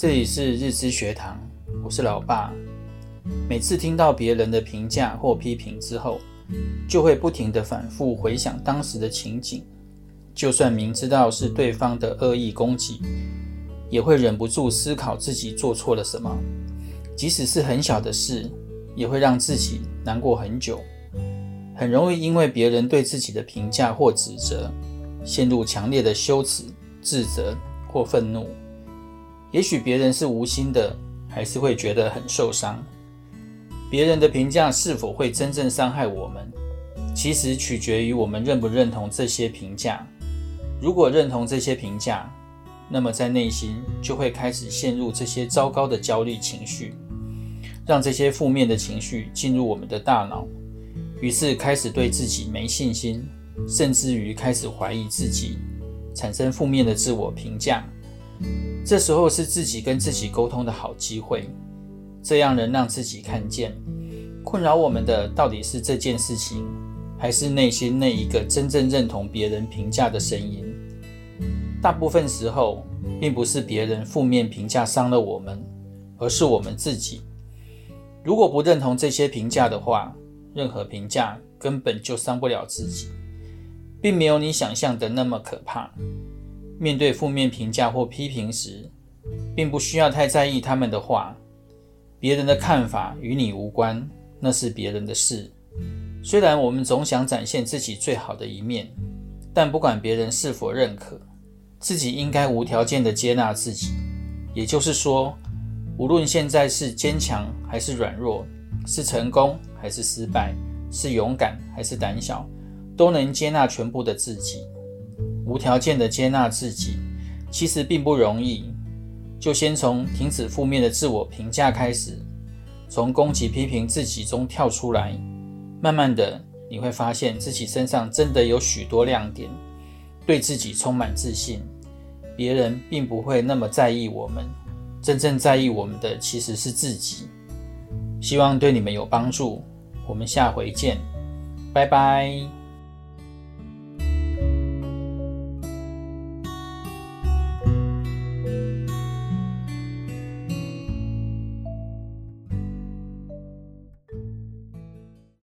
這裡是日之學堂，我是老爸。每次聽到別人的評價或批評之後，就會不停地反覆回想當時的情景，就算明知道是對方的惡意攻擊，也會忍不住思考自己做錯了什麼，即使是很小的事，也會讓自己難過很久。很容易因為別人對自己的評價或指責，陷入強烈的羞恥、自責或憤怒。也許別人是無心的，還是會覺得很受傷。別人的評價是否會真正傷害我們，其實取決於我們認不認同這些評價。如果認同這些評價，那麼在內心就會開始陷入這些糟糕的焦慮情緒，讓這些負面的情緒進入我們的大腦，於是開始對自己沒信心，甚至於開始懷疑自己，產生負面的自我評價。這時候是自己跟自己溝通的好機會，這樣能讓自己看見，困擾我們的到底是這件事情，還是內心那一個真正認同別人評價的聲音？大部分時候，並不是別人負面評價傷了我們，而是我們自己。如果不認同這些評價的話，任何評價根本就傷不了自己，並沒有你想象的那麼可怕。面對負面評價或批評時，並不需要太在意他們的話。別人的看法與你無關，那是別人的事。雖然我們總想展現自己最好的一面，但不管別人是否認可，自己應該無條件地接納自己。也就是說，無論現在是堅強還是軟弱，是成功還是失敗，是勇敢還是膽小，都能接納全部的自己。無條件的接納自己，其實並不容易。就先從停止負面的自我評價開始，從攻擊批評自己中跳出來。慢慢的，你會發現自己身上真的有許多亮點，對自己充滿自信。別人並不會那麼在意我們，真正在意我們的其實是自己。希望對你們有幫助。我們下回見，拜拜。